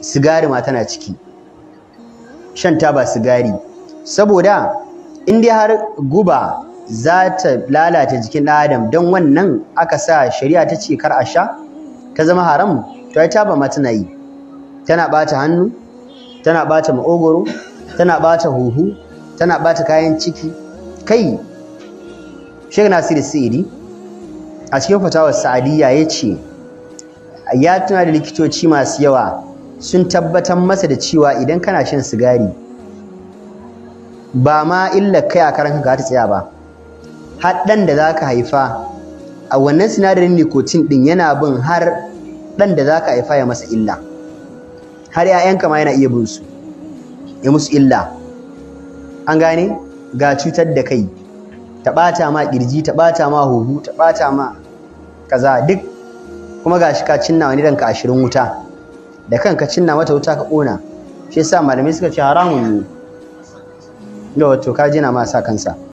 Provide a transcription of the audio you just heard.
sigari ma tana ciki shan taba sigari saboda in dai har guba za ta lalata jikin ɗan adam don wannan aka sa shari'a ta ce kar a sha ta zama haram to ai taba ma tana yi tana ɓata hannu tana bata maogoro tana ɓata huhu tana ɓata kayan ciki kai Sheikh Nasir Sa'idi a cikin fatawar Sa'adiyya ya ce ya tuna da likitoci masu yawa sun tabbatar masa da cewa idan kana shan sigari ba ma illa kai a karanka ka ta tsaya ba har da zaka haifa a wannan sinadarin nicotine din yana bin har ɗan da zaka haifa ya masa illa har 'ya'yanka ma yana iya bin su ya musu illa an gane ga cutar da kai ta ɓata ma ƙirji ta ɓata ma huhu ta ɓata ma kaza duk kuma gashi ka cinna wani ranka ashirin wuta da kanka cinna mata wuta ka ƙona shi yasa malamai suka ce haramun ne ga wato ka jina ma sa kansa